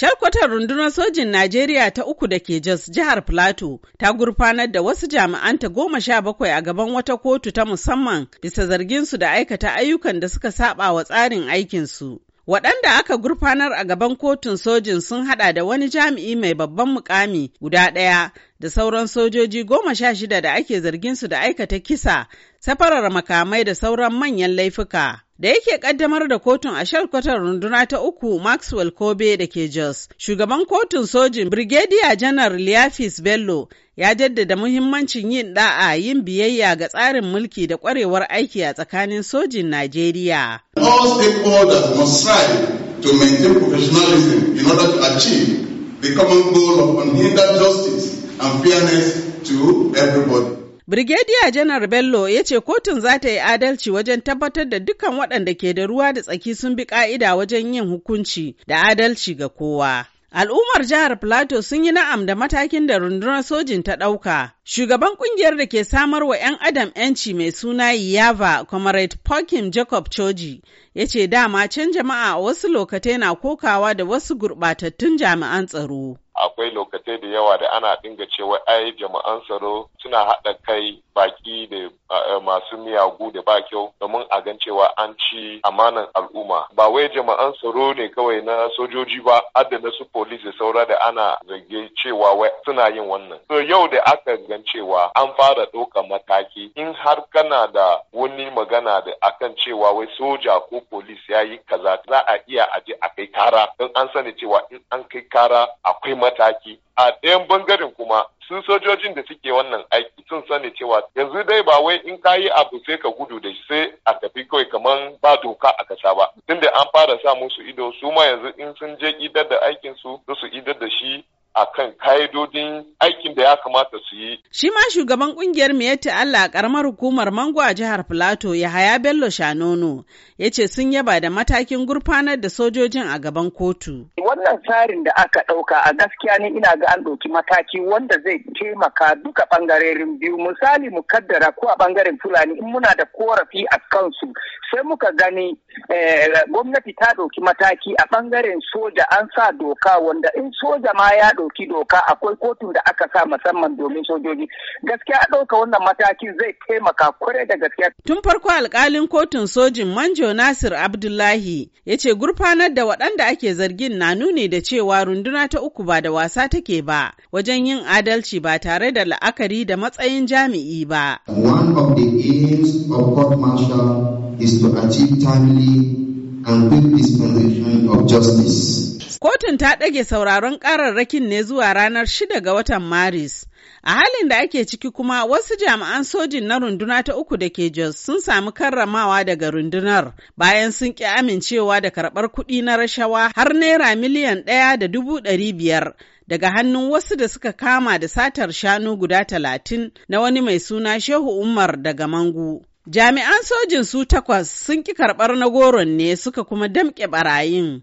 Sharkwatar rundunar sojin Najeriya ta uku da ke Jos jihar Plateau ta gurfanar da wasu jami'anta goma sha bakwai a gaban wata kotu ta musamman bisa zarginsu da aikata ayyukan da suka saba wa tsarin aikinsu. Waɗanda aka gurfanar a gaban kotun sojin sun haɗa da wani jami'i mai babban mukami guda ɗaya da sauran sojoji goma sha shida da ake zargin su da aikata kisa, safarar makamai da sauran manyan laifuka. Da yake kaddamar da kotun a shalkwatar runduna ta uku Maxwell Kobe da ke Jos, shugaban kotun sojin Brigadier Janar Liafis Bello ya jaddada muhimmancin yin da'a yin biyayya ga tsarin mulki da kwarewar aiki a tsakanin sojin Najeriya. All stakeholders must strive to maintain professionalism in order to achieve the common goal of unhindered justice and fairness to everybody. Brigadier Janar Bello ya ce kotun za ta yi adalci wajen tabbatar da dukkan waɗanda ke da ruwa da tsaki sun bi ƙa'ida wajen yin hukunci da adalci ga kowa. Al'ummar jihar Plateau sun yi na'am da matakin da rundunar sojin ta ɗauka. Shugaban ƙungiyar da ke samar wa 'yan adam 'yanci mai suna Yava, Comrade Pokim Jacob Choji, ya ce dama can jama'a wasu lokatai na kokawa da wasu gurɓatattun jami'an tsaro. akwai lokacin da yawa da ana dinga cewa ai jama'an tsaro suna haɗa kai baki da eh, masu miyagu da ba kyau domin a gan cewa an ci amanan al'umma ba wai jama'an tsaro ne kawai na sojoji ba adda na su polis da saura da ana zage cewa wai suna yin wannan so yau da aka gan cewa an fara ɗaukar mataki in har kana da wani magana da akan cewa wai soja ko polis ya yi kaza za a iya aje a kai kara don an sani cewa in an kai kara akwai mataki a ɗayan bangaren kuma sun sojojin da suke wannan aiki sun sani cewa yanzu dai ba wai in ka yi abu sai ka gudu da shi sai a tafi kawai kamar ba doka a kasa ba tunda an fara sa musu ido su ma yanzu in sun je idar da aikin su su idar da shi a kan ka'idodin aikin da ya kamata su yi. Shi ma shugaban kungiyar Miyetti Allah a karamar hukumar Mango a jihar Filato Yahaya Bello Shanono ya ce sun yaba da matakin gurfanar da sojojin a gaban kotu. wannan tsarin da aka ɗauka a gaskiya ne ina ga an ɗauki mataki wanda zai taimaka duka ɓangarerin biyu misali mu kaddara ko a ɓangaren fulani in muna da korafi a kansu sai muka gani eh, gwamnati ta ɗauki mataki a ɓangaren soja an sa doka wanda in soja ma ya ɗauki doka akwai kotun da aka sa musamman domin sojoji gaskiya ɗauka wannan matakin zai taimaka kwarai da gaskiya. Tun farko alkalin kotun sojin Manjo Nasir Abdullahi ya ce gurfanar da waɗanda ake zargin na nuna ne da cewa runduna ta uku ba da wasa take ba wajen yin adalci ba tare da la'akari da matsayin jami'i ba. One of the aims of court martial is to achieve timely and quick dispensation of justice. Kotun ta ɗage sauraron ƙararrakin ne zuwa ranar 6 ga watan Maris. A halin da ake ciki kuma wasu jami'an sojin na runduna ta uku da ke Jos sun samu karramawa daga rundunar bayan sun ƙi amincewa da karɓar kuɗi na rashawa har naira miliyan ɗaya da dubu ɗari biyar daga hannun wasu da suka kama da satar shanu guda talatin na wani mai suna Shehu Umar daga Mangu. Jami'an sojin su takwas sun ƙi karɓar na goron ne suka kuma damƙe barayin.